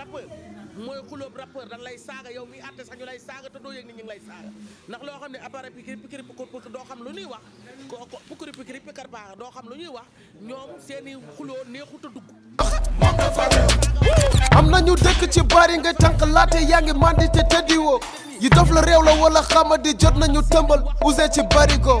rappeur mooy xulóob rappeur dañ lay saaga yow miy àtte sax ñu lay saaga te doo yëg ni ñu lay saaga ndax loo xam ne appareil pikiri pikiri pikiri doo xam lu ñuy wax kooku pikiri pikiri pikar baax doo xam lu ñuy wax ñoom seen i xuloo neexut a dugg. am nañu dëkk ci bari nga tànk laate yaa ngi mandi te tëddiwoo yi dof la réew la wala xamadi jot nañu tëmbal use ci barigo.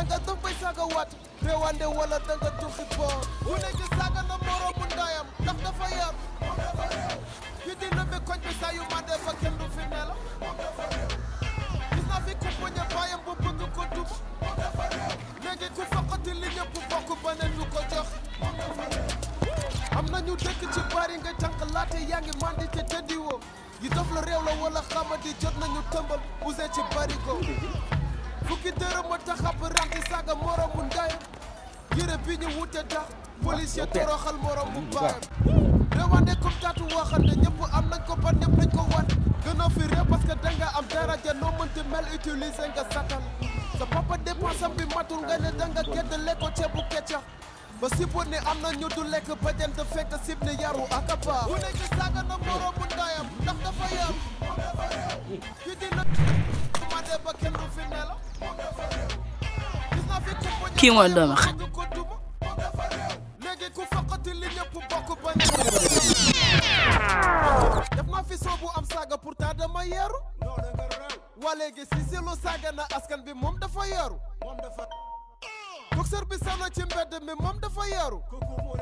danga tëb bay saaga waat réewande wala danga tuxi boor nekk saaga na ndaayam ndax dafa yar yi di nëbbi koñ bi saa yu fa kenn fi nelaw gis naa fi ku poñe baayam bu bëgg ko duma léegi ku foqati li ñëpp bokk ba ne ñu ko jox am nañu dëkk ci bari nga jànq laate yaa ngi mandi te tëddiwoo yi dof la réew la wala xamadi jot nañu tëmbal bouse ci bari ko fukki dërëm a taxab raxi saaga moromu ndayam yére bi ñu wute tax policier toroxal moromu mm, baayam rewande comme taatu waxande ñëpp am nañ ko ban ñëpp nañ ko wan gënoo fi réew parce que danga am daraja noo mënti mel utiliser nga satal sa papa dépensam bi matul nga ne danga geddale ko ceebu keccax ba sibut ni am na ñu du lekk ba fekk sib ni yaru ak a baax bu nekk saaga na moromu ndayam ndax dafa yam ki dina kii mooy doomu xaj def naa fi soo bu am saaga pourtant dama yeeru waa léegi si silu saaga na askan bi moom dafa yeeru boxeur bi sànna ci mbedd mi moom dafa yeeru